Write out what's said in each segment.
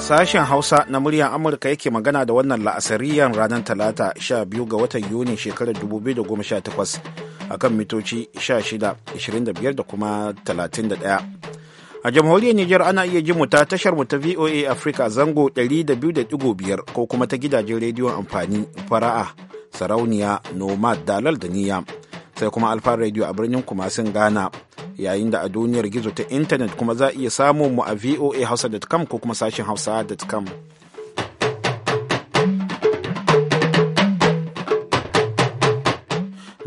Sashen Hausa na muryar Amurka yake magana da wannan la'asariyar ranar Talata 12 ga watan Yuni shekarar 2018 a kan mitoci 16, 25 da kuma 31. A jamhuriyar Nijar ana iya ji ta tashar mu ta VOA Africa zango 200.5 ko kuma ta gidajen rediyon amfani fara'a, sarauniya, nomad, dalal da niyya. Sai kuma Alfa Radio a birnin Kumasin Ghana yayin da a duniyar gizo ta intanet kuma za a iya samun mu a voa voahausa.com ko kuma sashen hausa.com.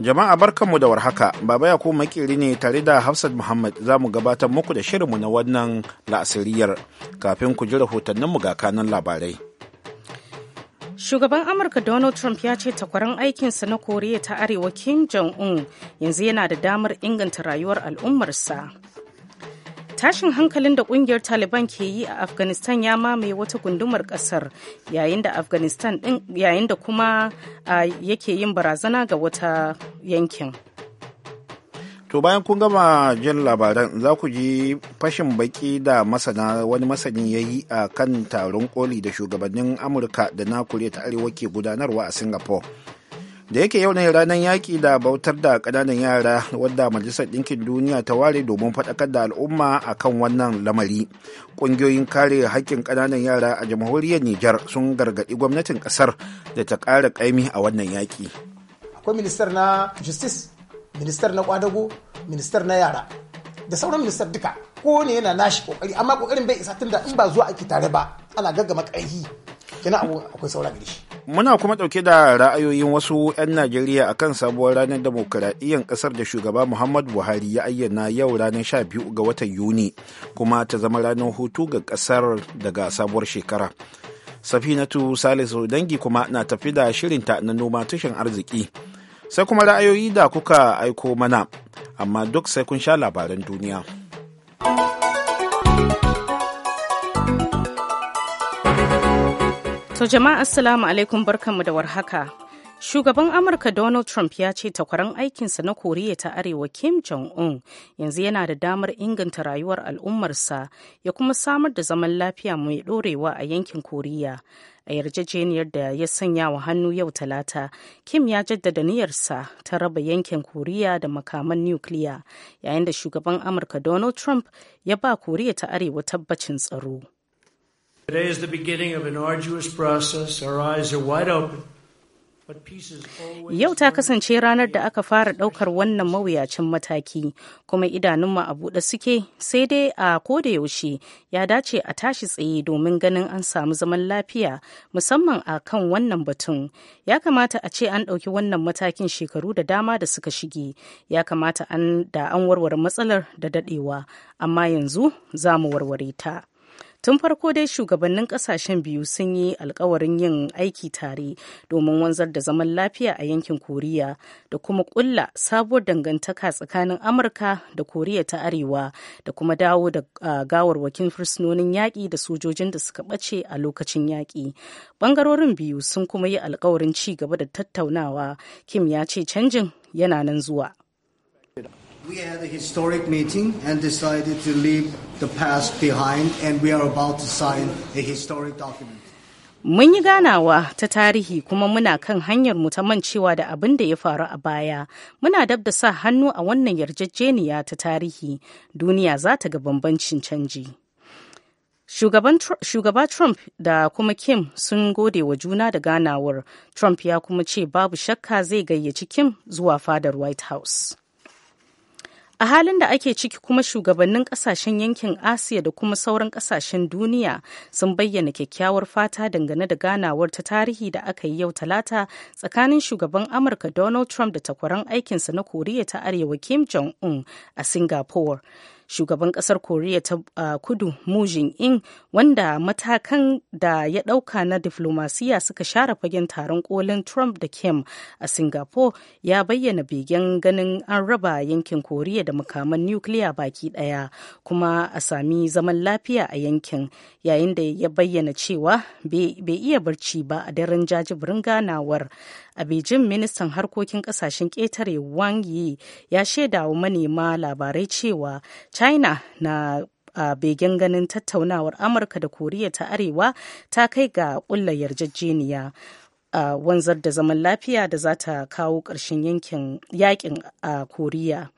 Jama'a barkanmu da warhaka, Baba ya kuma Makiri ne tare da Hafsat Muhammad za mu gabatar muku da shirinmu na wannan la'asiriyar kafin ku ji mu ga kanan labarai. Shugaban Amurka Donald Trump ya ce takwaran aikinsa na Koriya ta Arewa Kim Jong-un yanzu yana da damar inganta rayuwar al'ummarsa. Tashin hankalin da kungiyar Taliban ke yi a Afghanistan ya mamaye wata gundumar kasar yayin da Afghanistan yayin da kuma yake yin barazana ga wata yankin. To bayan kun gama jin labaran za ku ji fashin baki da masana wani masani ya yi a kan taron koli da shugabannin Amurka da na kure ta Arewa ke gudanarwa a Singapore. Da yake yau ne ranar yaƙi da bautar da ƙananan yara wadda Majalisar Ɗinkin Duniya ta ware domin faɗakar da al'umma a kan wannan lamari. Ƙungiyoyin kare haƙƙin ƙananan yara a jamhuriyar Nijar sun gargaɗi gwamnatin ƙasar da ta ƙara ƙaimi a wannan yaƙi. Akwai ministar na Justice ministar na kwadago ministar na yara da sauran ministar duka ko ne yana nashi kokari amma kokarin bai isa tunda in ba zuwa ake tare ba ana gaggama karhi kina akwai saura gari muna kuma ɗauke da ra'ayoyin wasu 'yan najeriya akan sabuwar ranar demokuraɗiyyar ƙasar da shugaba muhammadu buhari ya ayyana yau ranar 12 ga watan yuni kuma ta zama ranar hutu ga ƙasar daga sabuwar shekara safinatu salisu dangi kuma na tafi da shirinta na noma tushen arziki sai kuma ra'ayoyi da kuka aiko mana amma duk sai kun sha labaran duniya to jama'a assalamu alaikum barkanmu da warhaka Shugaban Amurka Donald Trump ya ce takwaran aikinsa na Koriya ta Arewa Kim Jong-un yanzu yana da damar inganta rayuwar al'ummarsa ya kuma samar da zaman lafiya mai ɗorewa a yankin Koriya a yarjejeniyar da ya sanya wa hannu yau talata kim ya jaddada niyyarsa ta raba yankin koriya da makaman nukiliya yayin da shugaban amurka donald trump ya ba koriya ta arewa tabbacin tsaro Today is the beginning of an arduous process. Yau ta kasance ranar da aka fara ɗaukar wannan mawuyacin mataki, kuma idanunmu a buɗe suke sai dai a kodayaushe ya dace a tashi tsaye domin ganin an samu zaman lafiya musamman a kan wannan batun. Ya kamata a ce an ɗauki wannan matakin shekaru da dama da suka shige, ya kamata an da an warware matsalar da daɗewa, amma yanzu za mu warware ta. tun farko dai shugabannin kasashen biyu sun yi alkawarin yin aiki tare domin wanzar da zaman lafiya a yankin koriya da kuma kulla sabuwar dangantaka tsakanin amurka da koriya ta arewa da kuma dawo da gawarwakin fursunonin yaƙi da sojojin da suka ɓace a lokacin yaƙi ɓangarorin biyu sun kuma yi alkawarin ci gaba da tattaunawa kim ya ce canjin yana nan zuwa We had a historic meeting and decided to leave the past behind and we are about to sign a historic document. Mun yi ganawa ta tarihi kuma muna kan hanyar mu ta mancewa da abin da ya faru a baya. Muna dab da sa hannu a wannan yarjejeniya ta tarihi. Duniya za ta ga bambancin canji. Shugaba Trump da kuma Kim sun gode wa juna da ganawar. Trump ya kuma ce babu shakka zai gayyaci Kim zuwa fadar White House. a halin da ake ciki kuma shugabannin kasashen yankin asiya da kuma sauran kasashen duniya sun bayyana kyakkyawar fata dangane da ganawar ta tarihi da aka yi yau talata tsakanin shugaban amurka donald trump da takwaran aikinsa na koriya ta arewa kim jong-un a singapore shugaban kasar koriya ta uh, kudu mujin in wanda matakan da ya dauka na diflomasiya suka share fagen taron kolin trump da kim a singapore ya bayyana begen ganin an raba yankin koriya da makaman nukiliya baki daya kuma a sami zaman lafiya a yankin yayin da ya bayyana cewa bai iya barci ba a daren jajibirin ganawar a beijing ministan harkokin kasashen ketare wang yi ya shaida wa manema labarai cewa china na a begen ganin tattaunawar amurka da koriya ta arewa ta kai ga ƙulla yarjejeniya a wanzar da zaman lafiya da za ta kawo ƙarshen yankin yakin a koriya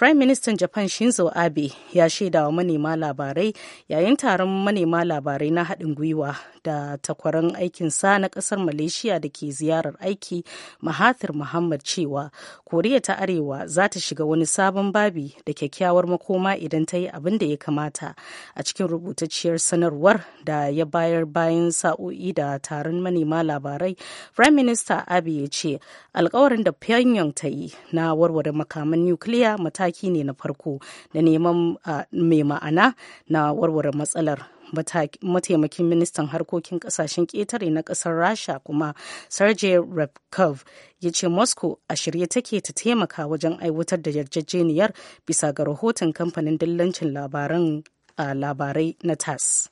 Prime Minister Japan Shinzo Abe ya shaida wa manema labarai yayin taron manema labarai na haɗin gwiwa da takwaran aikinsa na ƙasar Malaysia da ke ziyarar aiki Mahathir Muhammad cewa Koriya ta Arewa za ta shiga wani sabon babi da kyakkyawar makoma idan ta yi abin da ya kamata a cikin rubutacciyar sanarwar da ya bayar bayan sa'o'i da taron manema labarai. Prime Minister Abe ya ce alkawarin da Pyongyang ta yi na warware makaman nukiliya mata mataki ne na farko da neman mai ma'ana na warware matsalar mataimakin ministan harkokin kasashen ketare na ƙasar rasha kuma sergei repkov ya ce moscow a shirye take ta taimaka wajen aiwatar da yarjejeniyar bisa ga rahoton kamfanin dillancin labaran labarai na tas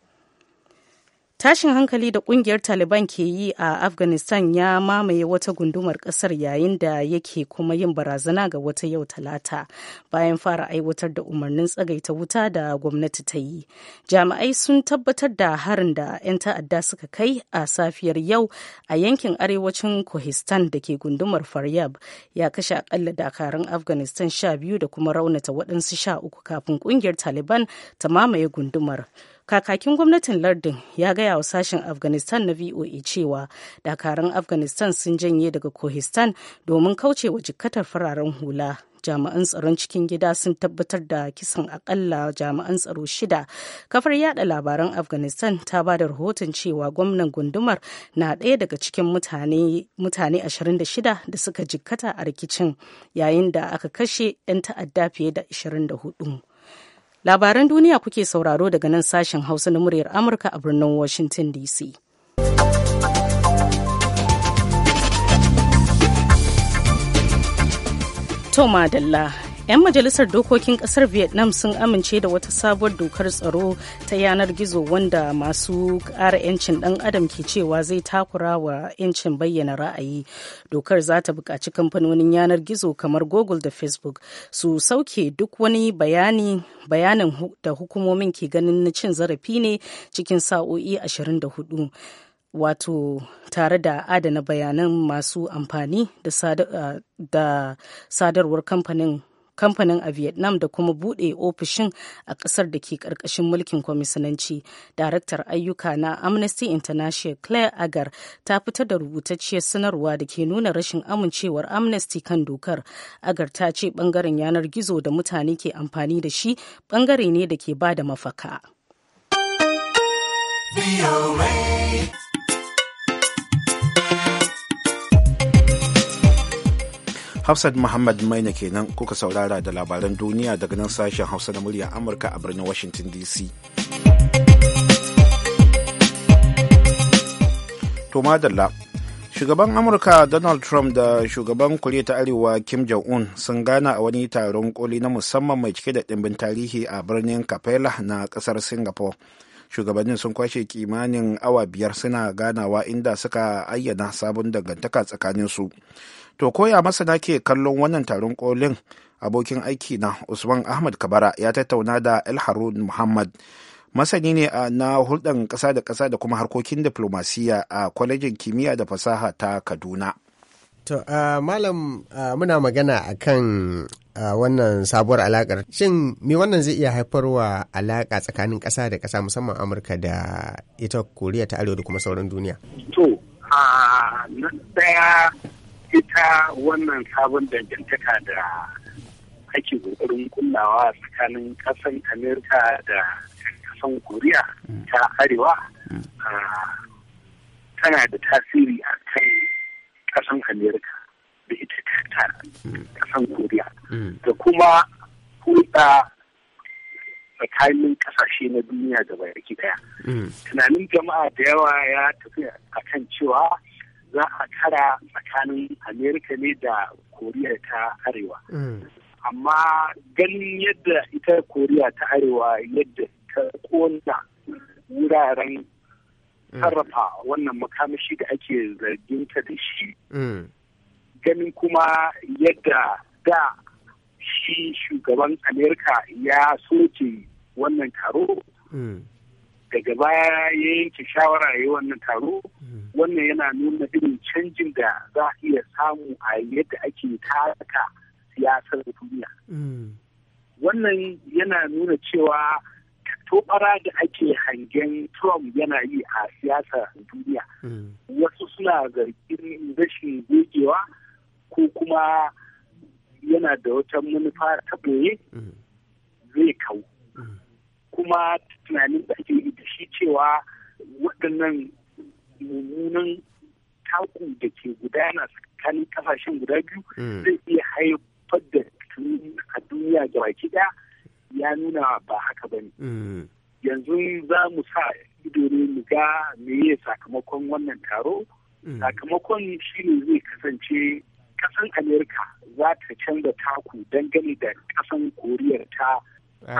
tashin hankali da kungiyar taliban ke yi a afghanistan ya mamaye wata gundumar kasar yayin da yake kuma yin barazana ga wata yau talata bayan fara aiwatar da umarnin tsagaita wuta da gwamnati ta yi jami'ai sun tabbatar da harin da 'yan ta'adda suka kai a safiyar yau a yankin arewacin kohistan da ke gundumar faryab ya kashe akalla dakarun afghanistan sha biyu da kuma raunata waɗansu sha uku kafin kungiyar taliban ta mamaye gundumar kakakin gwamnatin lardin ya gaya wa sashen afghanistan na voa cewa dakaran afghanistan sun janye daga kohistan domin kaucewa jikkatar fararen hula jami'an tsaron cikin gida sun tabbatar da kisan akalla jami'an tsaro shida kafar yada labaran afghanistan ta ba da rahoton cewa gwamnan gundumar na ɗaya daga cikin mutane 26 da suka jikkata a rikicin yayin da aka kashe 'yan ta'adda fiye da 24 Labaran duniya kuke sauraro daga nan sashen Hausa na muryar Amurka a birnin Washington DC. Toma Dalla 'Yan majalisar dokokin kasar Vietnam sun amince da wata sabuwar dokar tsaro ta yanar gizo wanda masu ƙara 'yancin ɗan adam ke cewa zai takura wa 'yancin bayyana ra'ayi. Dokar za ta buƙaci kamfanonin yanar gizo kamar Google da Facebook su sauke duk wani bayani bayanin da hukumomin ke ganin na cin zarafi ne cikin sa'o'i 24. wato tare da adana bayanan masu amfani da, sadarwar kamfanin kamfanin a vietnam da kuma bude ofishin a kasar da ke karkashin mulkin kwamisananci daraktar ayyuka na amnesty international claire agar ta fita da rubutacciyar sanarwa da ke nuna rashin amincewar amnesty kan dokar agar ta ce bangaren yanar gizo da mutane ke amfani da shi bangare ne da ke ba da mafaka. Hafsat Muhammad Maina kenan kuka saurara da labaran duniya daga nan sashen Hausa na muryar Amurka a birnin Washington DC. To madalla, shugaban Amurka Donald Trump da shugaban Koriya ta Arewa Kim Jong-un sun gana a wani taron koli na musamman mai cike da ɗimbin tarihi a birnin Capella na ƙasar Singapore. shugabannin sun kwashe kimanin awa biyar suna ganawa inda suka ayyana sabon dangantaka tsakanin su to koya masana ke kallon wannan taron kolin abokin aiki na usman ahmad kabara ya tattauna da el harun muhammad masani ne na hulɗar ƙasa da ƙasa da kuma harkokin diplomasiya a kwalejin kimiyya da fasaha ta kaduna To, uh, Malam uh, muna magana a wannan sabuwar alakar shin me wannan zai iya haifarwa alaka tsakanin ƙasa da ƙasa musamman amurka da ita koriya ta arewa da kuma sauran duniya to a na daya ita wannan sabon dangantaka da ake ƙoƙarin kullawa tsakanin ƙasan amurka da ƙasan koriya ta arewa tana da tasiri a kan ƙasan amurka da ita hmm. koriya hmm. da kuma hulɗa tsakanin ƙasashe na duniya da baki daya hmm. tunanin jama'a da yawa ya tafi a kan cewa za a kara tsakanin amerika ne da koriya ta arewa amma ganin yadda ita koriya ta arewa yadda ta kona wuraren sarrafa wannan makamashi da ake zarginta da shi ganin kuma yadda da shi shugaban amerika ya soke wannan taro hmm. daga baya ya yanke shawara ya wannan taro hmm. wannan yana nuna irin canjin da za a iya samu a yadda ake taka siyasar duniya hmm. wannan yana nuna cewa tobara da ake hangen trump yana yi a siyasar duniya wasu suna zargin rashin gogewa ko kuma yana da wata manufa ta boye mm. zai kawo kuma tunanin da ake yi da shi cewa waɗannan mummunan taku da ke gudana tsakanin kafashen guda biyu mm. zai iya haifar da a duniya ga baki ɗaya ya nuna ba haka ba ne mm. yanzu za mu sa ido ne mu ga meye sakamakon wannan taro sakamakon shi ne zai kasance kasan amerika za ta canza taku dangane da kasan koriya ta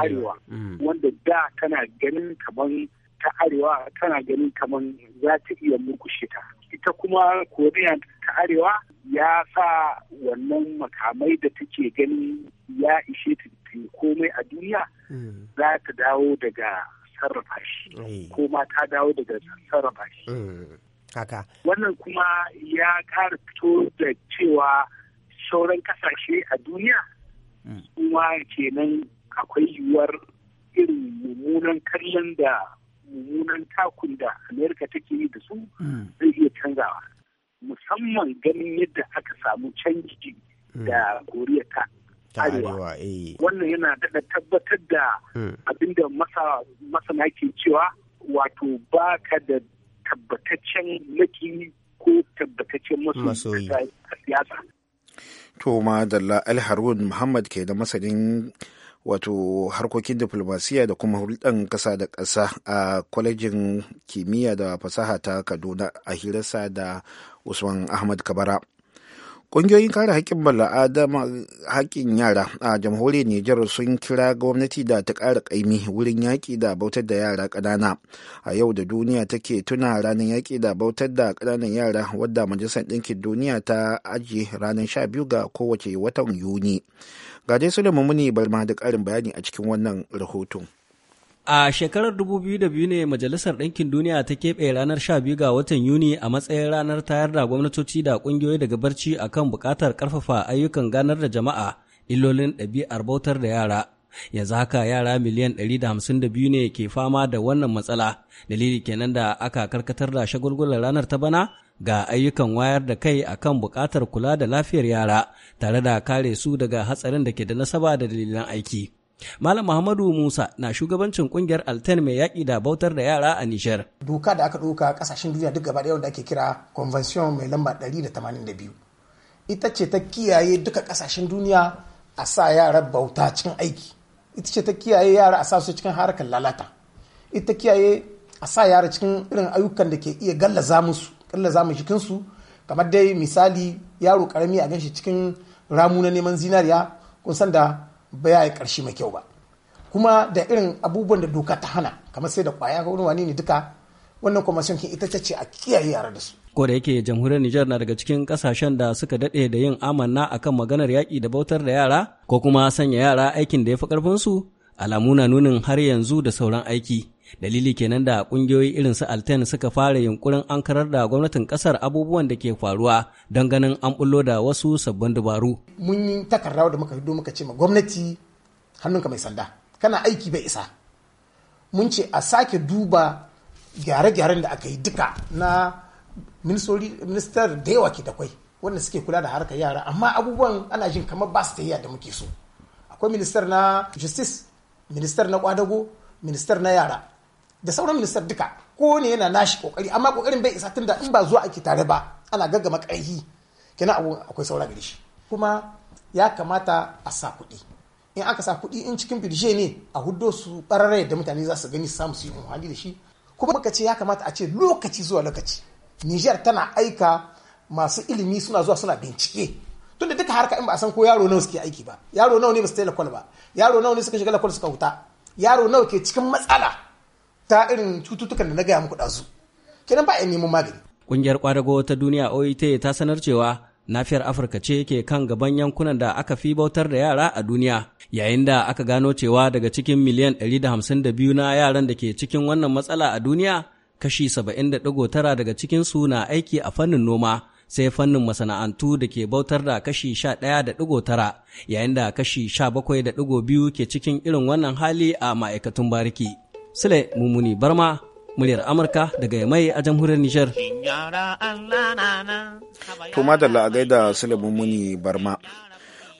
arewa mm. wanda da tana ganin kaman ta arewa tana ganin kaman za ta iya murkushe ta ita kuma koriya ta arewa ya sa wannan makamai da take gani ya ishe ta komai a duniya mm. za ta dawo daga sarrafa shi ko ma ta dawo daga sarrafa shi mm. kaka wannan kuma ya ƙara fito da cewa sauran kasashe a duniya mm. kuma kenan akwai yiwuwar irin mummunan kallon da mummunan takun da amerika take yi da su mm. zai iya canzawa musamman ganin yadda aka samu canji mm. da koriya ta eh. wannan yana daɗa tabbatar da abinda masana ke cewa wato baka da tabbataccen maki ko tabbataccen masoyi a siyasa. To madalla Alharun Muhammad ke da masanin wato harkokin diplomasiya da kuma hulɗan ƙasa da ƙasa a kwalejin kimiyya da fasaha ta Kaduna a hirarsa da Usman Ahmad Kabara. Ƙungiyoyin kare haƙƙin bala'adama haƙƙin yara a jamhuriyar Nijar sun kira gwamnati da ta ƙara ƙaimi wurin yaƙi da bautar da yara ƙanana. A yau da duniya take tuna ranar yaƙi da bautar da ƙananan yara wadda Majalisar Ɗinkin Duniya ta ajiye ranar 12 ga kowace watan Yuni. Ga dai Suleiman Muni ma da ƙarin bayani a cikin wannan rahoton. A shekarar 2002 ne Majalisar Ɗinkin Duniya ta keɓe ranar 12 ga watan Yuni a matsayin ranar tayar da gwamnatoci da ƙungiyoyi daga barci a kan buƙatar ƙarfafa ayyukan ganar da jama'a illolin ɗabi'ar bautar da yara. Yanzu haka yara miliyan 152 ne ke fama da wannan matsala, dalili kenan da aka karkatar da shagulgular ranar ta bana ga ayyukan wayar da kai a kan buƙatar kula da lafiyar yara tare da kare su daga hatsarin da ke da nasaba da dalilan aiki. Malam Muhammadu Musa na shugabancin kungiyar Alten mai yaƙi da bautar da yara a Nijar. Doka da aka ɗauka ƙasashen duniya duk gaba da ake kira Convention mai lamba 182. Ita ce ta kiyaye duka ƙasashen duniya a sa yara bauta cikin aiki. Ita ce ta kiyaye yara a sa su cikin harkar lalata. Ita kiyaye a sa yara cikin irin ayyukan da ke iya gallaza musu, gallaza mu jikinsu. Kamar dai misali yaro karami a ganshi cikin ramu na neman zinariya kun san da ba ya yi ƙarshe mai kyau ba kuma da irin abubuwan da doka ta hana kamar sai da kwaya wani wani ne duka wannan kwamishin ita ce a kiyaye yara da su ko da yake jamhuriyar Nijar na daga cikin kasashen da suka dade da yin amanna akan maganar yaƙi da bautar da yara ko kuma sanya yara aikin da ya fi ƙarfinsu alamu na nunin har yanzu da sauran aiki dalili kenan da kungiyoyi irin su alten suka fara yunkurin an karar da gwamnatin kasar abubuwan da ke faruwa don ganin an bullo da wasu sabbin dabaru mun yi takarda da muka hido muka ce ma gwamnati hannunka mai sanda kana aiki bai isa mun ce a sake duba gyare-gyaren da aka yi duka na ministar da yawa ke da kwai wanda suke kula da harkar yara amma abubuwan ana jin kamar ba su tafiya da muke so akwai ministar na justice ministar na kwadago ministar na yara da sauran minista duka ko ne yana nashi kokari amma kokarin bai isa tunda in ba zuwa ake tare ba ana gaggama karhi kina abu akwai saura gare shi kuma ya kamata a sa kuɗi in aka sa kuɗi in cikin birje ne a huddo su ɓararrai da mutane za su gani su samu su yi amfani da shi kuma muka ce ya kamata a ce lokaci zuwa lokaci Nijar tana aika masu ilimi suna zuwa suna bincike tunda duka harka in ba a san ko yaro nawa suke aiki ba yaro nawa ne ba su taila kwal ba yaro nawa ne suka shiga lakwal suka huta yaro nawa ke cikin matsala ta irin cututtukan da na gaya muku ɗazu kenan ba a neman magani ƙungiyar kwadago ta duniya oit e ta sanar cewa nafiyar afirka ce ke kan gaban yankunan da aka fi bautar da yara a duniya yayin da aka gano cewa daga cikin miliyan 152 na yaran da ke cikin wannan matsala a duniya kashi 70.9 daga cikinsu na aiki a fannin noma sai fannin masana'antu da ke bautar da kashi 11.9 yayin da kashi 17.2 ke cikin irin wannan hali a ma'aikatun bariki. Sule Mumuni Barma muryar Amurka daga Yamai a jamhuriyar Nijar. To madalla a gaida Sule Mumuni Barma.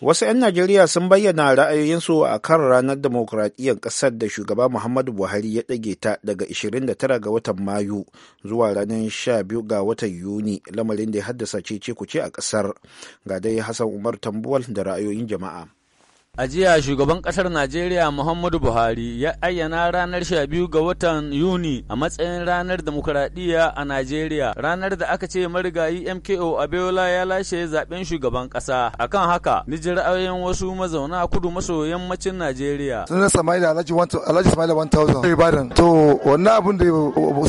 Wasu 'yan Najeriya sun bayyana ra'ayoyinsu a kan ranar demokuraɗiyyar ƙasar da shugaba Muhammadu Buhari ya ɗage ta daga 29 ga watan Mayu zuwa ranar 12 ga watan Yuni lamarin da ya haddasa ce cece kuce a ƙasar. Ga dai Hassan Umar Tambuwal da ra'ayoyin jama'a. A jiya shugaban ƙasar Najeriya Muhammadu Buhari ya ayyana ranar 12 ga watan Yuni a matsayin ranar demokuraɗiyya a Najeriya, ranar da aka ce marigayi MKO Abeola ya lashe zaben shugaban ƙasa. Akan haka, ni ji ra'ayoyin wasu mazauna kudu maso yammacin Najeriya. Sunan Samaila Alhaji Samaila 1000 sai Ibadan. To wannan abun da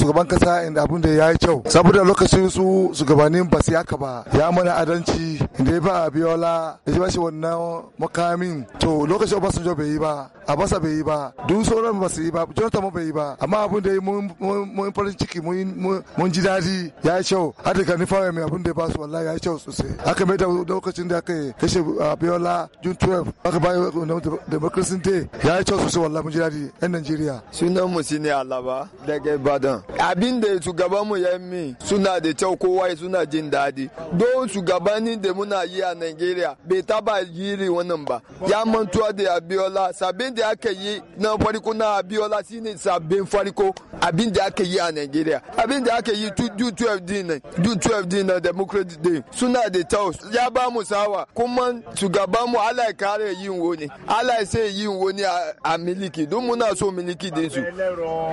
shugaban ƙasa inda abun da ya yi kyau. Saboda lokacin su shugabannin ba su yaka ba, ya mana adalci inda ya ba Abeola, ya ji ba shi wannan makamin to lokacin obasanjo bai yi ba abasa bai yi ba dun sauran ba su yi ba jonathan mu bai yi ba amma abin da mun farin ciki mun ji daɗi ya yi kyau hada gani fawa mai abin da ya ba su wallahi ya yi kyau sosai aka mai da lokacin da aka kashe abiola june 12 aka bayo democracy day ya yi kyau sosai wallahi mun ji daɗi yan nigeria. sunan mu shine alaba daga ibadan abin da shugaban mu ya min suna da kyau kowa suna jin daɗi don shugabanin da muna yi a nigeria bai taba yiri wannan ba ya mantuwa da abiola sabin da aka yi na farko na abiola shine sabin farko abin da aka yi a nigeria abin da aka yi june 12 din nan june 12 din nan democratic day suna da taus ya ba mu sawa kuma shugaban mu ala ya kare yin wani ala ya sai yin wani a miliki don muna so miliki din su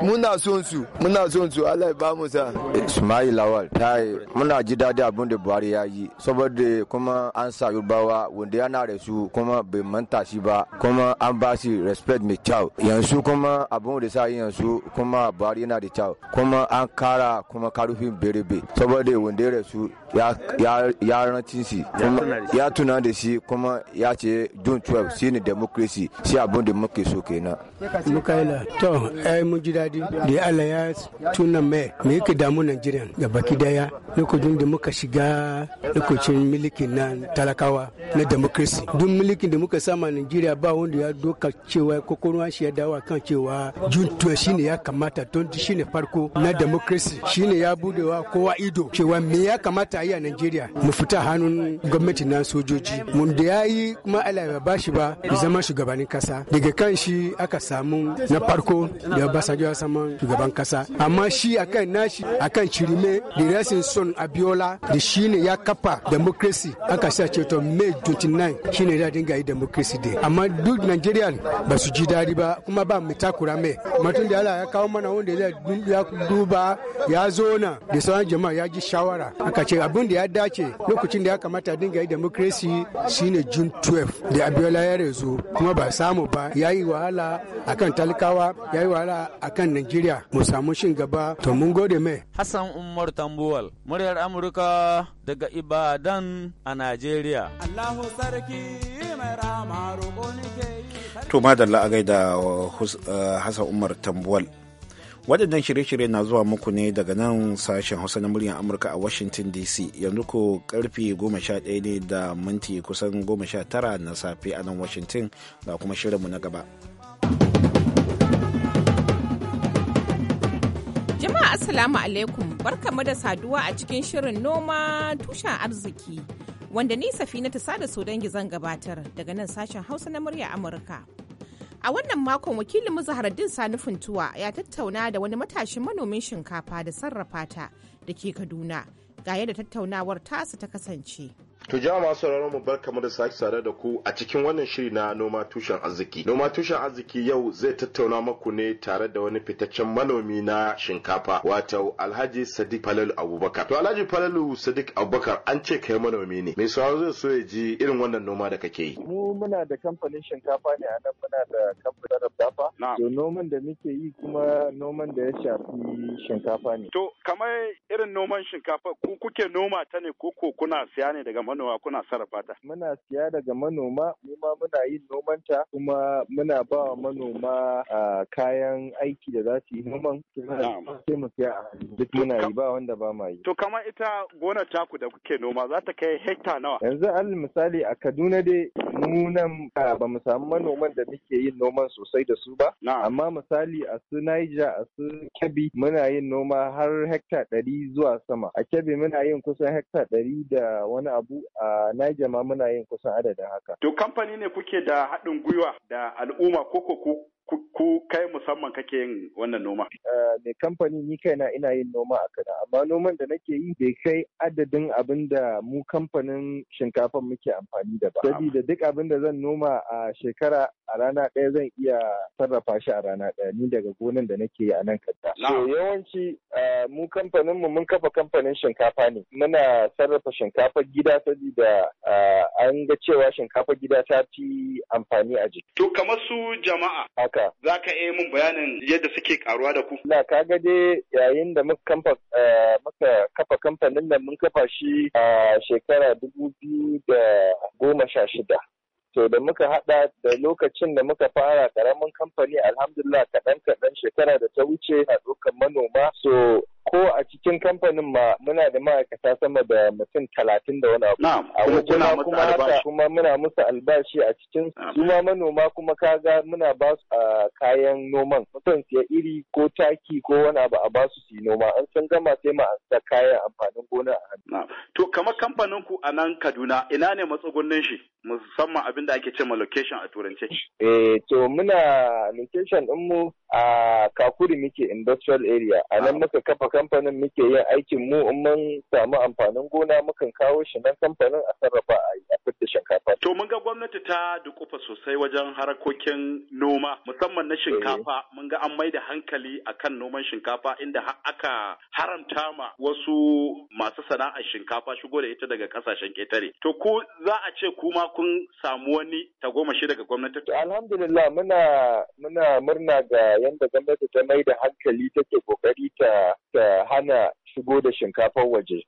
muna son su muna son su ala ya ba mu sa ismail lawal tayi muna ji dadi abin da buhari ya yi saboda kuma an sa yorubawa wanda yana da su kuma bai manta shi ba kuma an ba shi respect mai kyau yanzu kuma abin da sa yanzu kuma bari yana da kyau kuma an kara kuma karfin berebe saboda wanda ya rasu ya rancin shi ya tuna da shi kuma ya ce june 12 shi ne democracy shi abin da muke so kenan mukaila to ai mun ji dadi da allah ya tuna mai me yake damu nigeria ga baki daya lokacin da muka shiga lokacin milikin na talakawa na democracy duk milikin da muka sama nigeria ba wanda ya doka cewa kokonuwa shi ya dawa kan cewa june 12 shine ya kamata don shine farko na democracy shine ya budewa kowa ido cewa me ya kamata kamata a yi a Najeriya mu fita hannun gwamnati na sojoji. Mun da ya yi kuma Allah ba shi ba zama shugabannin kasa. Daga kan shi aka samu na farko da basa ya saman shugaban kasa. Amma shi akan nashi akan cirime da rasin son Abiola da shi ne ya kafa democracy aka sa ceto May 29 shi ne ya dinga yi democracy day. Amma duk Najeriya ba su ji daɗi ba kuma ba mu takura mai. Matun da Allah ya kawo mana wanda ya duba ya zo na da sauran jama'a ya ji shawara aka ce abin da ya dace lokacin da ya kamata dinga yi democracy shine june 12 da abiola ya rezo kuma ba samu ba ya yi wahala akan talakawa ya yi wahala akan nigeria mu samu shin gaba to mun gode mai hassan umar tambuwal muryar amurka daga ibadan a nigeria allahu sarki to madalla a gaida uh, uh, hassan umar tambuwal waɗannan shirye-shirye na zuwa muku ne daga nan sashen hausa na muryar amurka a washington dc yanzu ko karfe 11 ne da minti kusan 19 na safe a nan washington ga kuma shirinmu na gaba jama'a assalamu alaikum barkamu da saduwa a cikin shirin noma tushen arziki wanda ni safina ta sada sodan zan gabatar daga nan sashen hausa na muryar amurka A wannan makon wakilin Muzaharaddin Sani Funtuwa ya tattauna da wani matashin manomin shinkafa da sarrafa ta da ke Kaduna ga yadda tattaunawar tasa ta kasance. To jama'a masu sauraron mu bar kamar da sake sare da ku a cikin wannan shiri na noma tushen arziki. Noma tushen arziki yau zai tattauna maku ne tare da wani fitaccen manomi na shinkafa wato Alhaji Sadiq Falalu Abubakar. To Alhaji Falalu Sadiq Abubakar an ce kai manomi ne. Me sauraro zai so ya ji irin wannan noma da kake yi. Mu muna da kamfanin shinkafa ne a nan muna da kamfanin rabdafa. To noman da muke yi kuma noman da ya shafi shinkafa ne. To kamar irin noman shinkafa ku kuke noma ta ne ko ko kuna siya ne daga manoma kuna sarrafa ta? Muna siya daga manoma, mu ma muna yin nomanta kuma muna ba wa manoma kayan aiki da za su yi noman sai mu siya duk muna yi ba wanda ba ma yi. To kamar ita ta taku da kuke noma za ta kai hekta nawa? Yanzu al misali a Kaduna dai mu nan ba mu samu manoman da muke yin noman sosai da su ba. Amma misali a su Niger a su Kebbi muna yin noma har hekta ɗari zuwa sama. A Kebbi muna yin kusan hekta ɗari da wani abu a Niger ma muna yin kusan adadin haka. To kamfani ne kuke da haɗin gwiwa da al'umma ko ko ku kai musamman kake yin wannan noma? Mai kamfani ni kaina ina yin noma a kada amma noman da nake yi bai kai adadin abin da mu kamfanin shinkafa muke amfani da ba. Sabida duk abin da zan noma a shekara rana ɗaya zan iya sarrafa shi a rana ɗaya ni daga gonan da nake yi a nan kadda. yawanci mu kamfanin mu mun kafa kamfanin shinkafa ne muna sarrafa shinkafa gida saboda an ga cewa shinkafa gida ta fi amfani a jiki. To kamar su jama'a. Haka. Za ka iya mun bayanin yadda suke karuwa da ku. Na ka dai yayin da muka kafa kamfanin nan mun kafa shi a shekara dubu biyu da goma sha shida. to da muka hada da lokacin da muka fara karamin kamfani alhamdulillah kaɗan kaɗan shekara da ta wuce a ɗaukar manoma so ko a cikin kamfanin ma muna da ma'aikata sama da mutum talatin da wani abu. kuma kuma haka kuma muna musu albashi a cikin su. ma manoma kuma kaga muna ba su kayan noman mutum siya iri ko taki ko wani abu a ba su su noma an san gama sai ma an sa kayan amfanin gona a hannu. To kamar kamfanin ku a nan Kaduna ina ne matsugunnin shi musamman abin da ake ce ma location a turance. Eh to muna location mu a Kakuri muke industrial area a nan muka kafa kamfanin muke yin aikin mu in mun samu amfanin gona mukan kawo shi nan kamfanin a sarrafa a fitar shinkafa. To mun ga gwamnati ta dukufa sosai wajen harkokin noma musamman na shinkafa eh. mun ga an mai da hankali akan noman shinkafa inda aka haramta ma wasu masu sana'ar shinkafa shigo da ita daga kasashen ketare. To ku za a ce kuma kun samu wani ta tagomashi daga gwamnati? Alhamdulillah muna muna murna ga yadda gwamnati ta mai da hankali take kokari ta ta hana shigo da shinkafar waje.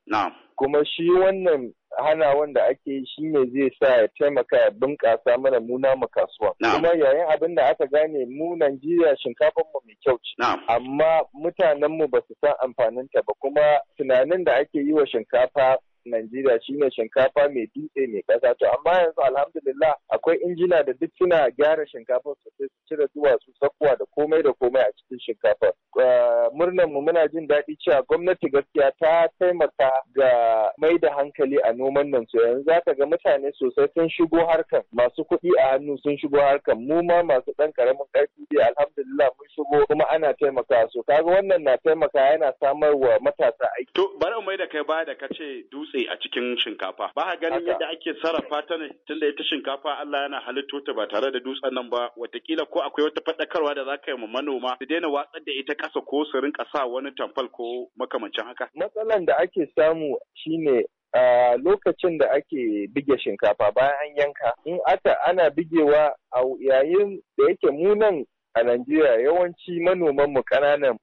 Kuma shi wannan hana wanda ake yi shi ne zai sa ya taimaka ya bunƙasa mana muna mu kasuwa. Kuma yayin abin da aka gane mu Najeriya shinkafar mu mai kyau ce. Amma mutanen mu ba su san amfanin ta ba kuma tunanin da ake yi wa shinkafa Najeriya shine shinkafa mai dutse mai kasa. to amma yanzu alhamdulillah akwai injina da duk suna gyara shinkafa sosai su cire duwatsu sakuwa da komai da komai a cikin shinkafa. Eh, murnan mu muna jin daɗi cewa gwamnati gaskiya ta taimaka ga mai da hankali a noman nan so yanzu za ka ga mutane sosai sun shigo harkan masu kuɗi a hannu sun shigo harkan mu ma masu ɗan ƙaramin ƙarfi dai alhamdulillah mun shigo kuma ana taimakawa so kaga wannan na taimaka yana samar wa matasa aiki. To bari mai da kai baya da kace dutse kitse a cikin shinkafa ba a ganin yadda ake sarrafa ta ne tunda ita shinkafa Allah yana halitto ta ba tare da dutsen nan ba watakila ko akwai wata faɗakarwa da za ka yi ma manoma su daina watsar da ita ƙasa ko su rinka sa wani tamfal ko makamancin haka matsalan da ake samu shine a lokacin da ake bige shinkafa bayan an yanka in aka ana bigewa a yayin da yake munan a Najeriya yawanci manoman mu kananan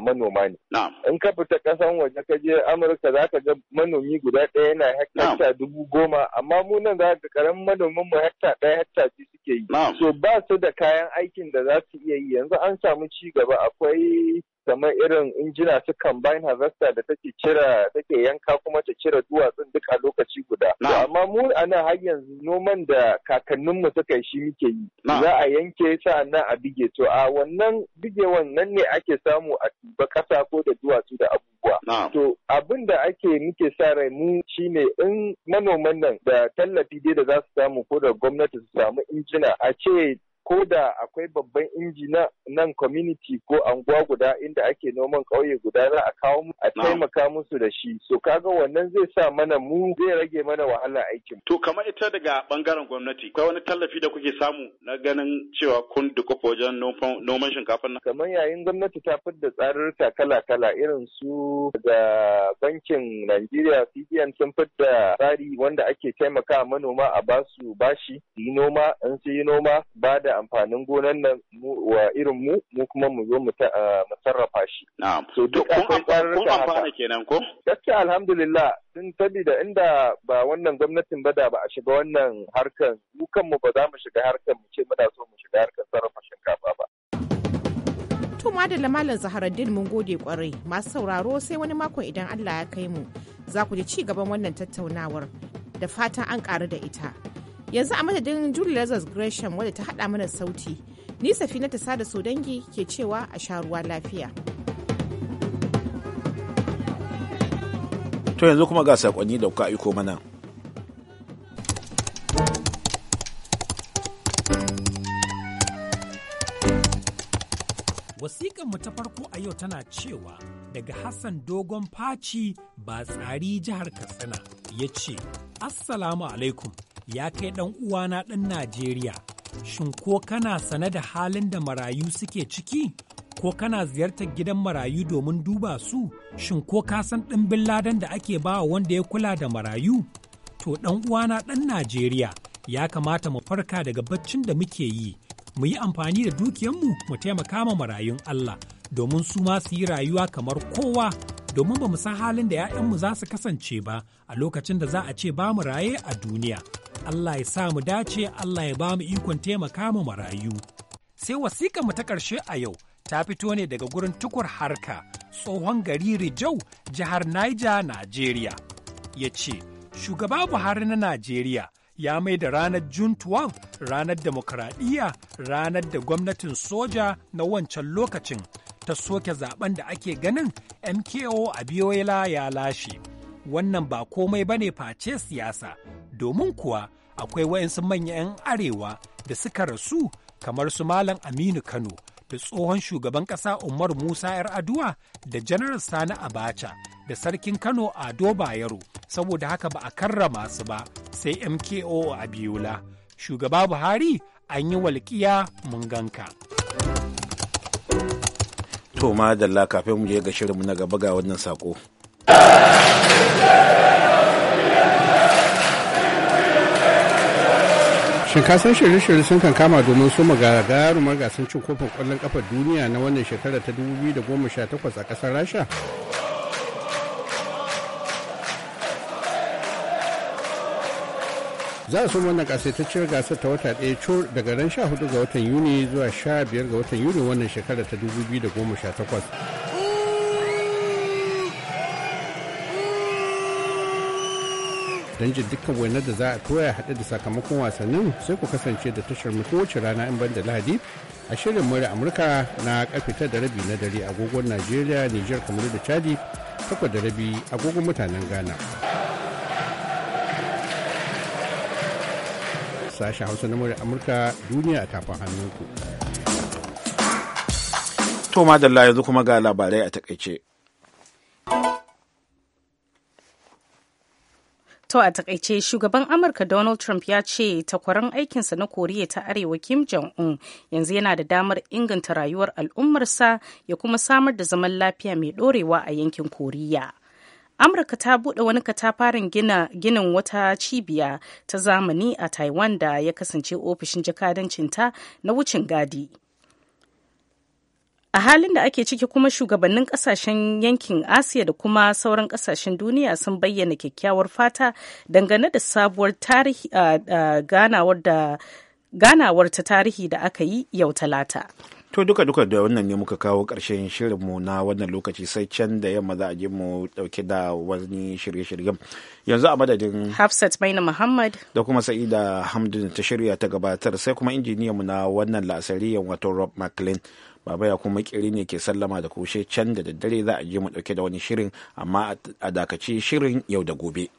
manoma ne. In ka fita ƙasan waje ka je Amurka za ka ga manomi guda ɗaya yana hekta dubu goma amma mu nan za ka karamin manoman mu hekta ɗaya hekta biyu suke yi. So ba su da kayan aikin da za su iya yi yanzu an samu ci gaba akwai kamar irin injina su combine harvester da take cira take yanka kuma ta cire duwatsun duk a lokaci guda. Amma mu a nan har yanzu noman da kakanninmu suka yi shi muke yi. Za a yanke sa'annan a bige to a wannan bige wannan ne ake samu a tuba kasa ko da duwatsu da abubuwa. To abin da ake muke sa rai mu shine in manoman nan da tallafi dai da za su samu ko da gwamnati su samu injina a ce ko da akwai babban inji na nan community ko anguwa guda inda ake noman ƙauye guda za a kawo mu a taimaka musu da shi so kaga wannan zai sa mana mu zai rage mana wahala aikin to kamar ita daga bangaren gwamnati akwai wani tallafi da kuke samu na ganin cewa kun dukufa wajen noman shinkafa nan kamar yayin gwamnati ta fidda tsarurruka kala-kala irin su da bankin Najeriya CBN sun fidda tsari wanda ake taimaka manoma a basu bashi yi noma in su yi noma ba da amfanin gonan nan wa irin mu mu kuma mu zo mu sarrafa shi. So duk akwai tsarurruka kenan ko? Gaskiya alhamdulillah sun sabida inda ba wannan gwamnatin ba da ba a shiga wannan harkan mu kanmu ba za mu shiga harkan mu ce muna so mu shiga harkan sarrafa shinkafa ba. To da Malam Zaharaddin mun gode kwarai masu sauraro sai wani makon idan Allah ya kai mu za ku ji ci gaban wannan tattaunawar da fatan an ƙaru da ita. yanzu a madadin julie lazarus gresham wadda ta haɗa mana sauti ni safina ta sada dangi ke cewa a sha ruwa lafiya to yanzu kuma ga sakonni da kuka aiko mana mu ta farko a yau tana cewa daga Hassan Dogon Faci ba tsari jihar Katsina ya ce, Assalamu alaikum ya kai ɗan uwana ɗan Najeriya, shin ko kana sane da halin da marayu suke ciki? Ko kana ziyartar gidan marayu domin duba su? Shin ko ka san ɗimbin ladan da ake ba wanda ya kula da marayu? To ɗan uwana ɗan Najeriya, ya kamata mu farka daga baccin da muke yi, mu yi amfani da dukiyanmu mu taimaka ma marayun Allah, domin su ma su yi rayuwa kamar kowa domin ba mu san halin da 'ya'yanmu za su kasance ba a lokacin da za a ce ba mu raye a duniya. Allah ya sa mu dace Allah ya ba mu ikon taimaka mu marayu. Sai wasiƙa mu ta ƙarshe a yau ta fito ne daga gurin tukur harka tsohon gari Rijau jihar Niger, Najeriya. Ya ce, Shugaba Buhari na Najeriya ya mai da ranar June 12 ranar demokradiyya ranar da gwamnatin soja na wancan lokacin ta soke zaben da ake ganin MKO a ya lashe. wannan ba komai ba ne face siyasa domin kuwa akwai waɗansu manyan arewa da suka rasu kamar su malam aminu kano da tsohon shugaban ƙasa umar musa 'yar aduwa da janar sani abacha da sarkin kano ado bayero saboda haka ba a karrama su ba sai mko a biyula shugaba buhari an yi walƙiya mun ganka to ma madalla kafin mu je ga shirinmu na gaba ga wannan sako shin ka san shirye-shirye sun kan kama domin su gagarumar gasar cin kofin kwallon kafa duniya na wannan shekara ta 2018 a kasar rasha za su wannan kasaitacciyar gasar ta wata ɗaya cur daga ran 14 ga watan yuni zuwa 15 ga watan yuni wannan shekara ta 2018 don jin dukkan wainar da za a toya haɗe da sakamakon wasannin sai ku kasance da tashar mu kowace rana in ban da lahadi a shirin mura amurka na ƙarfe ta da rabi na dare agogon najeriya niger kamar da chadi takwas da rabi agogon mutanen ghana sashen hausa na mura amurka duniya a tafin hannunku to madalla yanzu kuma ga labarai a takaice To a takaice shugaban Amurka Donald Trump ya ce takwaran aikinsa na Koriya ta Arewa Kim Jong-un yanzu yana da damar inganta rayuwar al'ummarsa ya kuma samar da zaman lafiya mai ɗorewa a yankin Koriya. Amurka ta buɗe wani katafaren ginin wata cibiya ta zamani a Taiwan da ya kasance ofishin jakadancinta na wucin gadi. a halin da ake ciki kuma shugabannin kasashen yankin asiya da kuma sauran kasashen duniya sun bayyana kyakkyawar fata dangane da sabuwar tarihi ganawar da ganawar ta tarihi da aka yi yau talata to duka duka da wannan ne muka kawo ƙarshen shirinmu na wannan lokaci sai can da yamma za a je mu dauke da wani shirye-shiryen yanzu a madadin hafsat maina muhammad da kuma sa'ida hamdun ta shirya ta gabatar sai kuma injiniyanmu na wannan la'asari wato rob mclean baba ya kuma kiri ne ke sallama da kushe can da daddare za a je mu dauke da wani shirin amma a dakaci shirin yau da gobe.